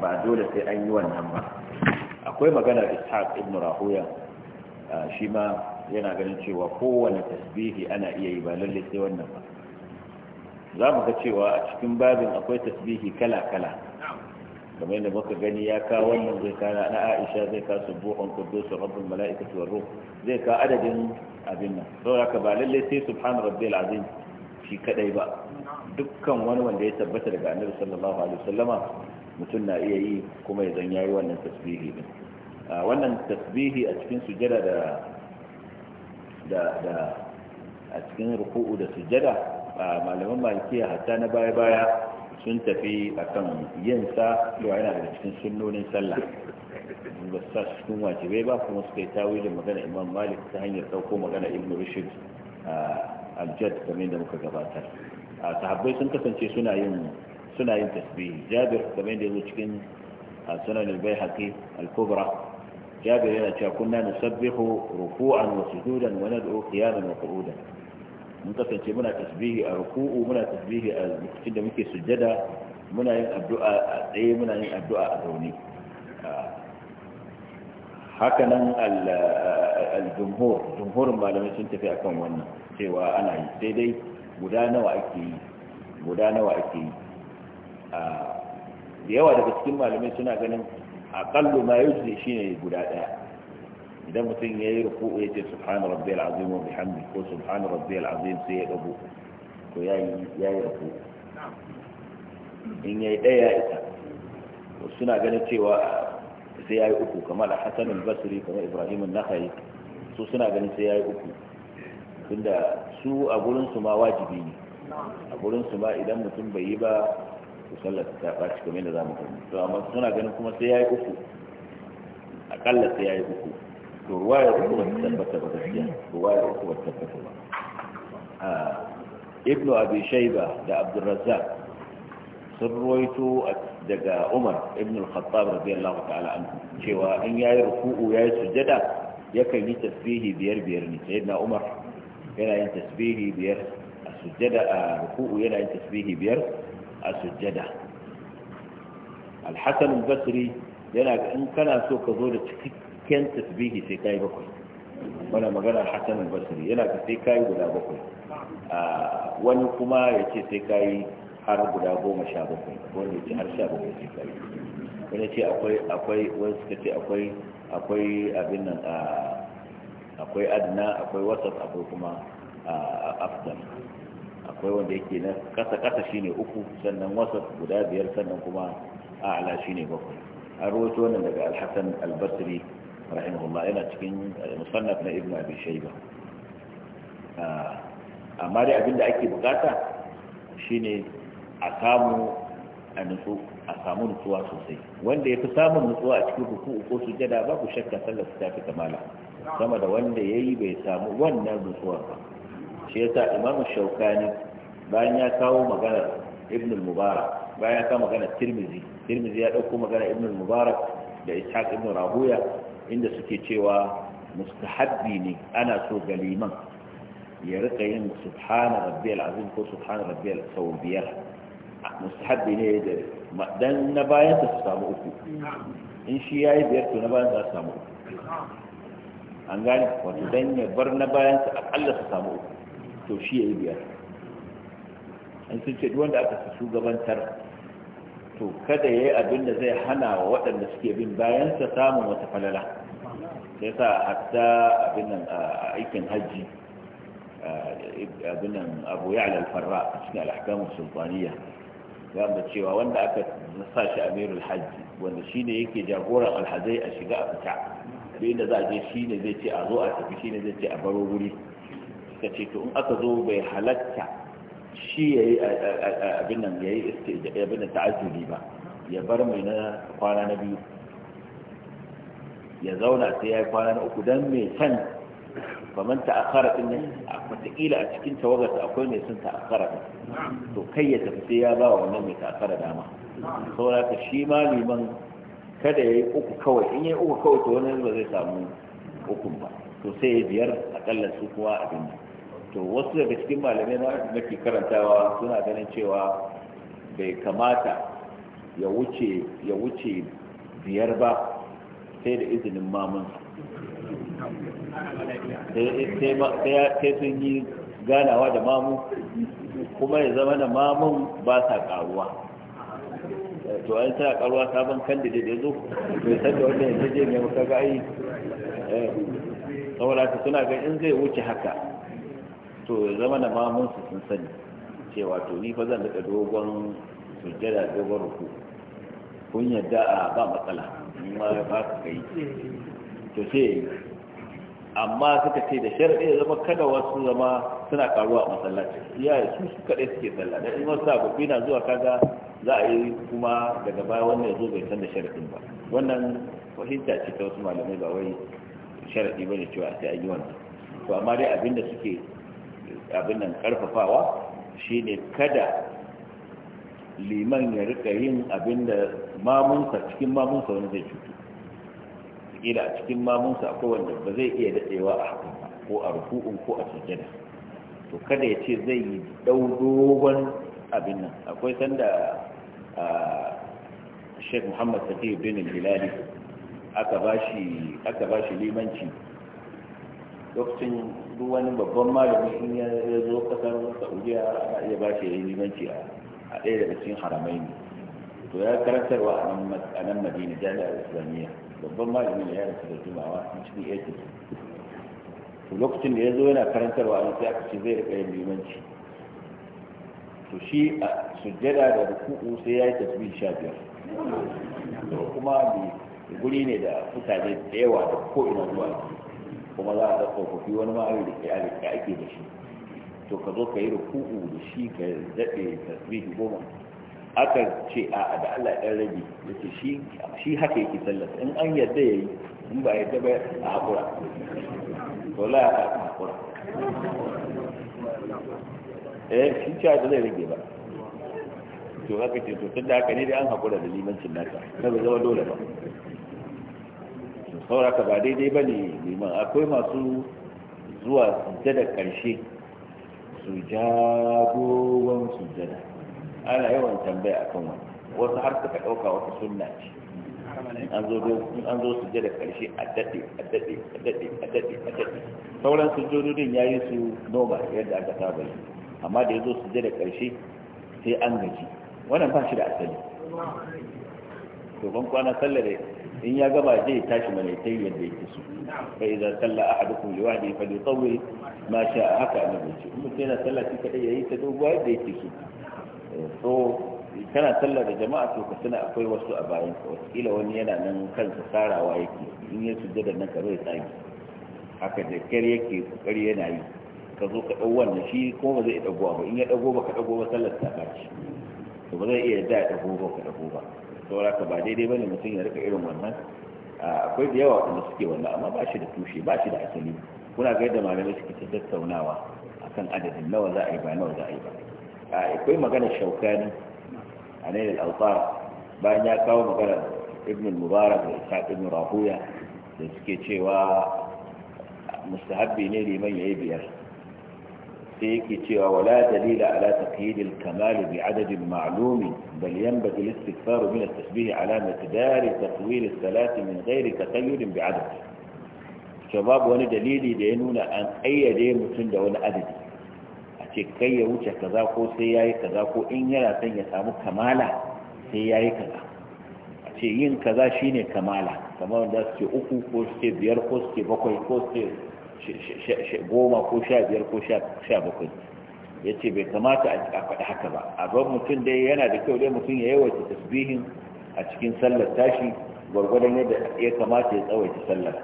ba dole sai an yi wannan ba akwai maganar ishaq ibn rahuya shi ma yana ganin cewa kowane tasbihi ana iya yi ba lalle sai wannan ba za mu ga cewa a cikin babin akwai tasbihi kala-kala kamar yadda muka gani ya ka wannan zai ka na Aisha zai ka subuhun quddus rabbul mala'ika war ruh zai ka adadin abin nan saboda haka ba lalle sai subhan rabbil azim shi kadai ba dukkan wani wanda ya tabbata daga annabi sallallahu alaihi wasallama mutum na iya yi kuma ya zan yayi wannan tasbihi din wannan tasbihi a cikin sujada da da da a cikin ruku'u da sujada malaman malikiya hatta na baya baya sun tafi akan yin sa cewa yana daga cikin sunnonin sallah ba su sa cikin wajibai ba kuma suka yi tawilin magana imam malik ta hanyar ɗauko magana ibn rushd aljad kamar da muka gabatar sahabbai sun kasance suna yin suna yin tasbihi jabir kamar da yazo cikin sunan al-baihaqi al-kubra jabir yana cewa kunna nusabbihu ruku'an wa sujudan wa nad'u qiyaman wa qu'udan mun kasance muna tasbihi a ruku'u muna tasbihi a lokacin da muke sujjada muna yin addu'a a tsaye muna yin addu'a a zaune haka nan al-jumhur jumhurin malamai sun tafi akan wannan cewa ana yi sai dai guda nawa ake yi guda nawa ake yi da yawa daga cikin malamai suna ganin aƙallu ma yau shine guda ɗaya idan mutum ya yi ruku'u ya ce subhana rabbiyal azim wa bihamdi ko subhana rabbiyal azim sai ya dago ko ya yi ya in ya yi ɗaya ita ko suna ganin cewa sai ya yi uku kamar Hassan al-basri kamar ibrahim an-nakhai su suna ganin sai ya yi uku tunda su a gurin su ma wajibi ne a gurin su ma idan mutum bai yi ba ku sallata ta ɓaci kamar yadda za mu gani to amma suna ganin kuma sai ya yi uku akalla sai ya yi uku to ruwaya uku ba ta tabbata ba gaskiya ruwaya uku ba ta tabbata ba ibn abi shayba da abdurrazzaq sun ruwaito daga umar ibn al-khattab radiyallahu ta'ala anhu cewa in yayi ruku'u yayi sujada yakan yi tasbihi biyar biyar ne umar yana yin tasbihi biyar a sujada a ruku'u yana yin tasbihi biyar a sujada al-hasan al-basri yana in kana so ka zo da cikakken cikakken tasbihi sai kai bakwai wani magana hassan al-basri yana ka sai kai guda bakwai wani kuma ya ce sai kai har guda goma sha bakwai wani ya har sha bakwai sai kai wani ce akwai akwai wani suka ce akwai akwai abin nan akwai adna akwai wasat akwai kuma afdal akwai wanda yake na kasa kasa shine uku sannan wasat guda biyar sannan kuma a'la shine bakwai an rawaito wannan daga al-hasan al-basri rahimahullah yana cikin eh, musannaf na Ibn abi shayba ah, amma dai abin da ake bukata shine a samu a nutsu a samu nutsuwa sosai wanda ya fi samun nutsuwa a cikin ruku'u ko ba babu shakka sallar ta fi kamala sama da wanda ya yi bai samu wannan nutsuwa ba shi yasa imam shaukani bayan ya kawo magana ibn mubarak bayan ya kawo magana tirmizi tirmizi ya ɗauko magana ibn mubarak da ishaq ibn rabuya inda suke cewa mustahabbi ne ana so ga liman ya rika yin subhana rabbi azim ko subhana rabbi sau biyar mustahabbi ne da dan na bayan su samu uku in shi ya yi biyar to na bayan za su samu uku an gane wato dan ya bar na bayan su akalla su samu uku to shi ya yi biyar an sun ce duk wanda aka shugabantar to kada ya yi abin da zai hana wa waɗanda suke bin bayansa samun wata falala sai sa hatta abin a aikin hajji abin abu ya alalfarra a cikin alhakamun sultaniya ya da cewa wanda aka sa shi amirul hajji wanda shi ne yake jagoran alhazai a shiga a fita abin da za a je shi ne zai ce a zo a tafi shi ne zai ce a baro wuri suka ce to in aka zo bai halatta shi ya yi abin nan ya yi abin da ta'azzuli ba ya bar mai na kwana na biyu ya zauna sai ya yi kwana na uku don mai san faman ta'akkara din nan a matakila a cikin tawagarsa akwai mai son ta'akkara din to kai ya tafi sai ya ba wa wannan mai ta'akkara dama saboda ka shi ma liman kada ya yi uku kawai in ya yi uku kawai to wani ba zai samu hukun ba to sai ya biyar akalla su kuwa abin nan to wasu daga cikin malamai na mafi karantawa suna ganin cewa bai kamata ya wuce biyar ba sai da izinin mamun sai sun yi ganawa da mamu kuma ya zama da mamun ba sa karuwa to an sa karuwa sabon kandida da zo bai san da wanda ya je ne maka ga eh, saboda suna ga in zai wuce haka to ya zama na ma su sun sani cewa to ni fa zan rika dogon sujjada dogon ruku kun yadda a ba matsala ma ba ka kai to sai amma suka ce da sharaɗi ya zama kada wasu zama suna karuwa a masallaci yi su suka suke sallah da in wasu sababbi na zuwa kaga za a yi kuma daga baya wannan ya zo bai san da sharaɗin ba wannan fahimta ce ta wasu malamai ba wai sharaɗi ba ne cewa sai an yi wannan to amma dai abinda suke abin nan karfafawa shine kada liman ya rika yin abin da mamunsa cikin mamunsa wani zai cutu ila cikin mamunsa akwai wanda ba zai iya dadewa a haka ba ko a ruku'un ko a sujjada to kada ya ce zai yi dau dogon abin nan akwai sanda a Sheikh Muhammad Sati bin Hilali aka bashi aka bashi limanci lokacin duk wani babban malami in ya zo kasar saudiya ya iya ba shi limanci a ɗaya daga cikin haramai ne to ya karantarwa a nan madina jami'ar islamiyya babban malami ne ya rasu da jimawa a cikin yakin to lokacin da ya zo yana karantarwa a sai aka ce zai riƙa yin limanci to shi a sujjada da ruku'u sai ya yi tasbih sha biyar to kuma guri ne da mutane da yawa da ko ina zuwa kuma za a ga tsofaffi wani ma da ke da ake da shi to ka zo ka yi ruku'u da shi ka zaɓe tasbihi goma aka ce a da Allah ɗan rabi da ce shi shi haka yake sallar in an yadda ya yi in ba yadda ba a haƙura to la a haƙura eh shi ce da zai rage ba to haka ce to tun da haka ne dai an haƙura da limancin naka kada zama dole ba saura ka ba daidai ba ne neman akwai masu zuwa sujada karshe su ja dogon ana yawan tambaya a kan wani wasu har suka ɗauka wasu sunna ce in an zo sujada karshe a daɗe a daɗe a daɗe a daɗe a daɗe sauran sujododin ya yi su noma yadda aka saba yi amma da ya zo sujada karshe sai an gaji wannan ba shi da asali to ban kwana sallar in ya gaba zai tashi malaikai yadda yake so fa idza salla ahadukum li wahdi fa yutawwi ma sha'a haka annabi ce mutum yana sallah shi kadai yayi ta doguwa yadda yake so so kana sallah da jama'a to ka tuna akwai wasu a bayan ka wasu kila wani yana nan kansa sarawa yake in ya da nan ka zo ya tsage haka da kyar yake kokari yana yi ka zo ka ɗau wannan shi kuma ba zai ɗago ba in ya ɗago ba ka ɗago ba sallar ta ɓaci to ba zai iya da ya ɗago ba ka ɗago ba saura ka ba daidai bane mutum ya rika irin wannan akwai da yawa wanda suke wannan amma ba shi da tushe ba shi da asali kuna ga yadda malamai suke ta tattaunawa kan adadin nawa za a yi ba nawa za a yi ba akwai magana shaukani a da alfar bayan ya kawo magana ibn mubarak da isa ibn rahuya da suke cewa mustahabbi ne liman ya yi biyar sai yake cewa wala dalila ala taqyidil kamal bi adadin ma'lum bal yanbaghi al-istighfar min at-tasbih ala miqdar tatwil as-salat min ghairi taqayyud bi adad shabab wani dalili da ya nuna an ayyade mutum da wani adadi a ce kai ya wuce kaza ko sai yayi kaza ko in yana son ya samu kamala sai yayi kaza a ce yin kaza shine kamala kamar wanda suke uku ko suke biyar ko suke bakwai ko suke goma ko sha biyar ko sha bakwai ya ce bai kamata a faɗi haka ba a ban mutum dai yana da kyau dai mutum ya yawaita tasbihin a cikin sallar tashi gwargwadon yadda ya kamata ya tsawaita sallar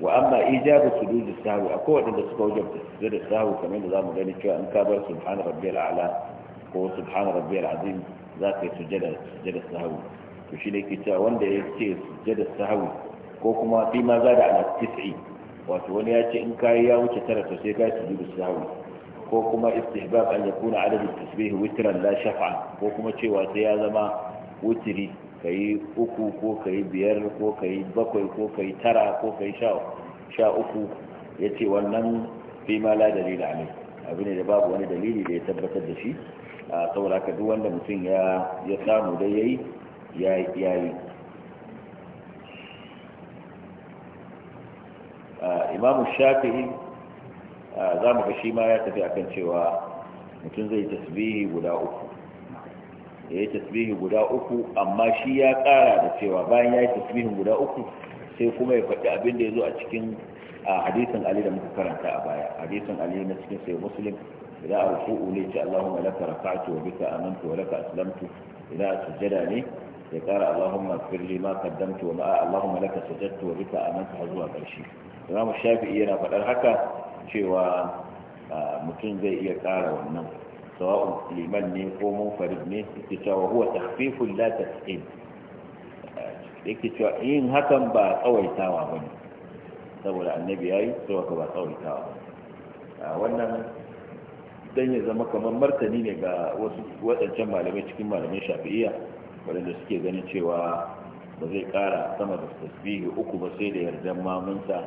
wa amma ijabu sujudi sahwi akwai wadanda suka wajabta da sahwi kamar da mu gani cewa in ka bar subhana rabbiyal a'la ko subhana rabbiyal azim za ka yi sujada sujada sahwi to shine ke cewa wanda ya ce sujada sahwi ko kuma fi ma za da ala tis'i wato wani ya ce in kayi ya wuce tara to sai ka yi sujudu sahwi ko kuma istihbab an yakuna adadu tasbih witran la shaf'a ko kuma cewa sai ya zama wutiri kai uku ko kai biyar ko kai bakwai ko kai tara ko kai sha sha uku yace wannan fi ma la dalila ne abu ne da babu wani dalili da ya tabbatar da shi a saboda ka duk wanda mutum ya ya samu dai yayi yayi imamu shafi'i za mu ga shi ma ya tafi akan cewa mutum zai tasbihi guda uku ya yi tasbihi guda uku amma shi ya kara da cewa bayan ya yi tasbihin guda uku sai kuma ya faɗi abin da ya zo a cikin hadisin ali da muka karanta a baya hadisin ali na cikin sai muslim idan a rufu'u ne ce allahumma laka rafa'tu wa bika amantu wa laka aslamtu idan a sujjada ne ya kara Allahumma firli ma kaddamtu wa ma'a Allahumma laka sajadtu wa bika amantu har zuwa ƙarshe Imam Shafi'i yana faɗar haka cewa mutum zai iya kara wannan sawa'un liman ne ko munfarid ne yake cewa huwa tahfifun la tasqim yake cewa yin hakan ba tsawaitawa ba ne saboda annabi yayi cewa ba tsawaitawa wannan dan ya zama kamar martani ne ga wasu waɗancan malamai cikin malamai shafi'iyya waɗanda suke ganin cewa ba zai kara sama da tasbihi uku ba sai da yardan mamunta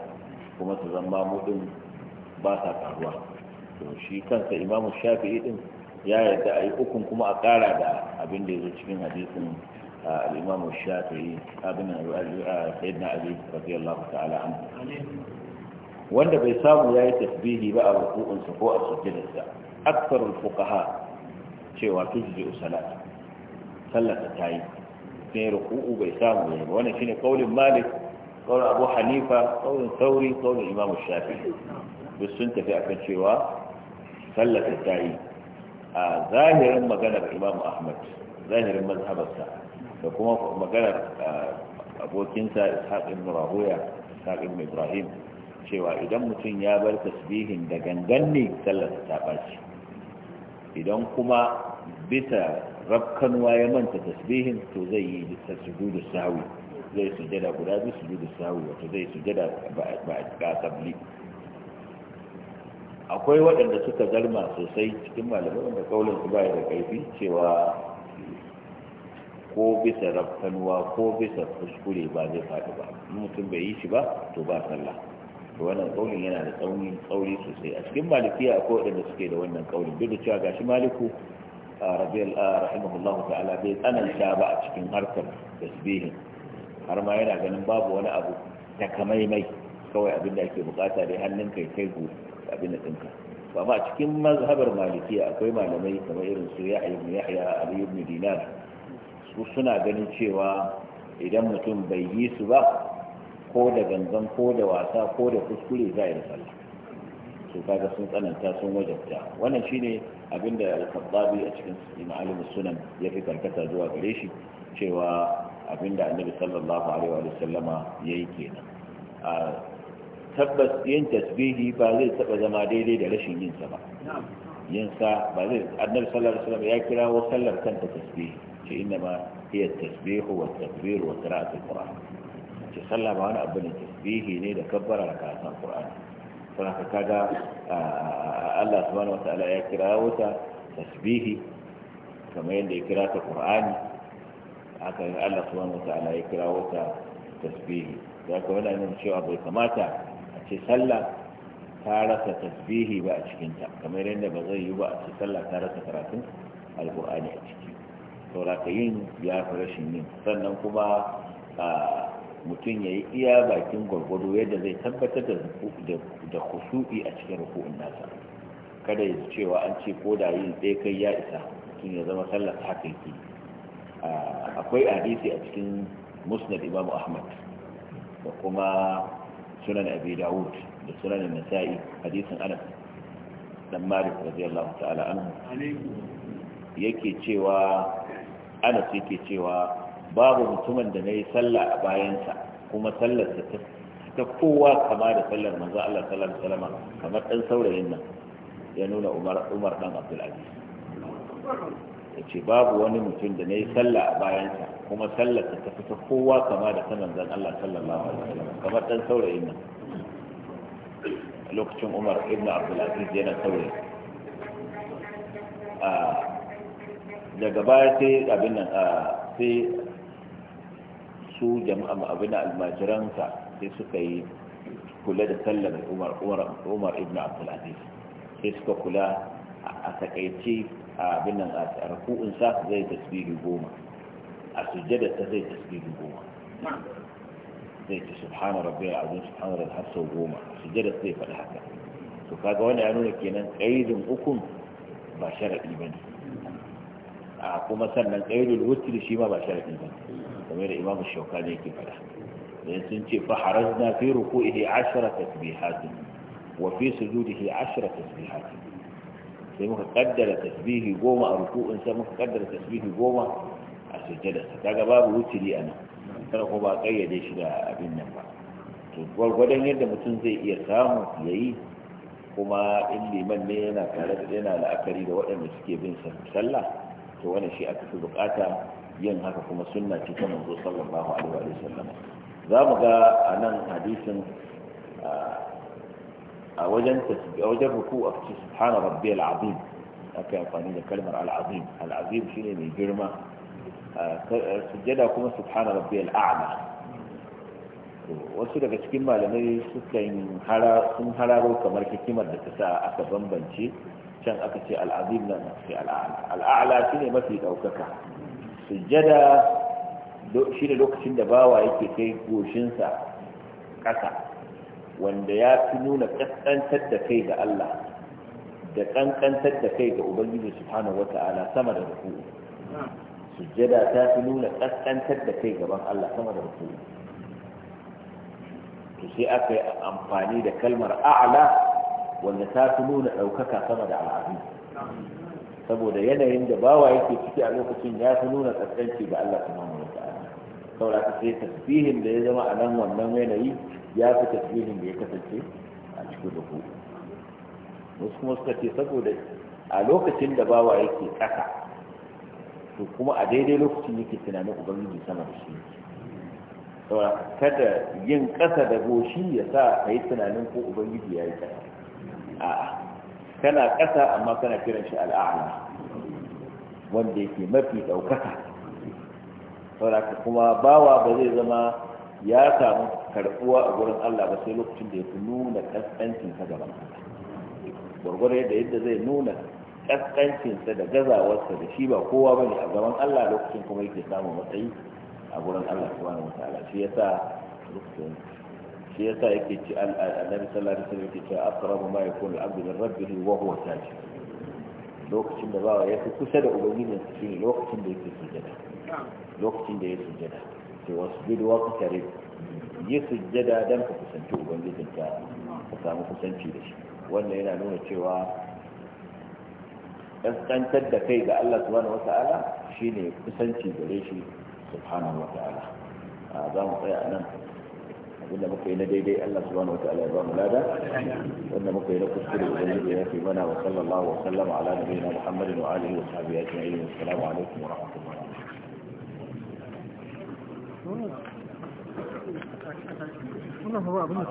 kuma su zan mamudin ba sa karuwa to shi kansa imamu shafi'i din ya yarda a yi ukun kuma a kara da abin da ya cikin hadisin al-imamu shafi'i abin da sayyidina ali radiyallahu ta'ala anhu wanda bai samu yayi yi tasbihi ba a rukunsa ko a sujjadarsa aksarul fuqaha cewa tujzi salat sallar ta yi sai ruku'u bai samu yayi wani shine kaulin malik kaulin abu hanifa kaulin sauri kaulin imam shafi duk sun tafi akan cewa sallar ta yi a zahirin maganar imam ahmad zahirin mazhabarsa da kuma maganar abokinsa ishaq ibn rahuya ibrahim cewa idan mutum ya bar tasbihin da gangan ne sallar ta baci idan kuma bisa rafkanwa ya manta tasbihin to zai yi sujudu sahwi zai sujada guda biyu sujudu sahwi wato zai sujada ba sabli akwai waɗanda suka zalma sosai cikin malamai wanda kaulin su baya da kaifi cewa ko bisa rafkanuwa ko bisa kuskure ba zai faɗi ba in mutum bai yi shi ba to ba sallah to wannan kaulin yana da tsauni tsauri sosai a cikin malikiya akwai waɗanda suke da wannan kaulin duk da cewa gashi maliku rahimahullahu ta'ala bai tsananta ba a cikin harkar tasbihin har ma yana ganin babu wani abu takamaimai kawai abin da ake bukata dai hannun kai kai go abin da ɗinka ba ma cikin mazhabar malikiya akwai malamai kamar irin su ya ibn yahya ali dinar su suna ganin cewa idan mutum bai yi su ba ko da gangan ko da wasa ko da kuskure za a yi sallah to kaga sun tsananta sun wajabta wannan shine abinda al-khattabi a cikin ma'alim sunan ya fi karkata zuwa gare shi cewa abinda annabi sallallahu alaihi wa sallama yayi kenan a tabbas yin tasbihi ba zai taba zama daidai da rashin yin sa ba yin sa ba zai annabi sallallahu alaihi wa ya kira wa sallar kanta tasbihi ce inna ma hiya tasbihu wa takbir wa qira'atul qur'an ce sallah ba wani abu ne tasbihi ne da kabbara da karatun qur'ani saboda kaga Allah subhanahu ta'ala ya kira wuta tasbihi kamar yadda ya kira ta Qur'ani haka Allah subhanahu ta'ala ya kira wuta tasbihi da kuma da nan cewa bai kamata a ce sallah ta rasa tasbihi ba a cikinta kamar yadda ba zai yi ba a ce sallah ta rasa karatun Al-Qur'ani a ciki sauraka yin ya fi rashin yin sannan kuma mutum ya yi iya bakin gwargwado yadda zai tabbatar da da kusuri a cikin ruku'un nasa kada ya cewa an ce ko da yin tsaye kai ya isa mutum ya zama sallar haka yake akwai hadisi a cikin musnad imam ahmad da kuma sunan abi dawud da sunan nasa'i hadisin anas dan malik radiyallahu ta'ala anhu yake cewa anas yake cewa babu mutumin da na yi sallah a bayansa kuma sallar ta ta kowa kama da sallar manzo Allah sallallahu alaihi wasallam kamar dan saurayin nan ya nuna Umar Umar dan Abdul Aziz yace babu wani mutum da nayi sallah a bayansa kuma sallar ta tafi ta kowa kama da ta manzon Allah sallallahu alaihi wasallam kamar dan saurayin nan lokacin Umar ibn Abdul Aziz yana saurayi a daga baya sai abin nan a sai su jama'a abin almajiransa sai suka yi kula da sallar umar ibn abdulaziz sai suka kula a sakaici a abin nan a sa zai tasbihi goma a sujjada ta zai tasbihi goma zai ci subhana rabbi azim subhana rabbi har sau goma sujjada zai faɗi haka to kaga wani ya nuna kenan ƙaidin ukun ba sharaɗi ba ne a kuma sannan qaidul wutri shi ma ba sharadi ba kamar da imamu ne yake fada dan sun ce fa harazna fi ruku'ihi 10 tasbihat wa fi sujudihi 10 tasbihat sai muka kaddara tasbihi goma a ruku'in sai muka kaddara tasbihi goma a sujjadarsa kaga babu wutri a nan kada ko ba kayyade shi da abin nan ba to gwargwadon yadda mutum zai iya samu yayi kuma in liman ne yana tare da yana la'akari da waɗanda suke bin sallah to wani shi aka fi bukata yin haka kuma sunna ce ta manzo sallallahu alaihi wa sallam za mu ga a nan hadisin a wajen a wajen ruku a cikin subhana rabbiyal azim aka amfani da kalmar al-azim al-azim shine mai girma sujjada kuma subhana rabbiyal a'la wasu daga cikin malamai suka sun hararo kamar hikimar da ta sa aka bambance can aka ce al'azim nan fi al'a'la al'a'la shine mafi ɗaukaka. sujjada shine lokacin da bawa yake kai goshinsa ƙasa wanda ya fi nuna ƙasƙantar da kai ga Allah da ƙanƙantar da kai ga ubangiji subhanahu wata'ala sama da ruku sujjada ta fi nuna ƙasƙantar da kai gaban Allah sama da ruku to sai aka yi amfani da kalmar a'la wanda ta fi nuna ɗaukaka sama da al'adu saboda yanayin da bawa yake ciki a lokacin ya fi nuna tsakanci ga Allah mamu wa ta'ala saboda ta sai tasbihin da ya zama a nan wannan yanayi ya fi tasbihin da ya kasance a cikin ruku wasu kuma suka ce saboda a lokacin da bawa yake ƙasa to kuma a daidai lokacin yake tunanin ubangiji sama da shi saboda kada yin ƙasa da goshi ya sa ka yi tunanin ko ubangiji ya yi ƙasa a'a kana ƙasa amma kana kiran shi al'a'la wanda yake mafi ɗaukaka sauraka kuma bawa ba zai zama ya samu karɓuwa a gurin Allah ba sai lokacin da ya fi nuna ƙasƙancinsa gaban Allah gwargwaro yadda yadda zai nuna ƙasƙancinsa da gazawarsa da shi ba kowa ba ne a gaban Allah lokacin kuma yake samun matsayi a gurin Allah subhanahu wa ta'ala shi yasa lokacin shi yasa yake ci annabi sallallahu alaihi wasallam yake cewa aqrabu ma yakunu al-abdu min rabbih wa huwa sajid lokacin da bawa ya fi kusa da ubangijin sa shine lokacin da yake sujada lokacin da ya sujada to wasjud wa qtarib yi sujada dan ka kusanci ubangijin ka ka samu kusanci da shi wannan yana nuna cewa kaskantar da kai ga Allah subhanahu wata'ala shine kusanci gare shi subhanahu wata'ala za mu tsaya a nan wanda muka yi na daidai Allah subhanahu wa ta'ala ya ba mu lada wanda muka yi na kuskure ubangiji ya fi mana wa sallallahu wa sallama ala nabiyina Muhammadin wa alihi wa sahbihi ajma'in assalamu alaikum wa rahmatullahi wa barakatuh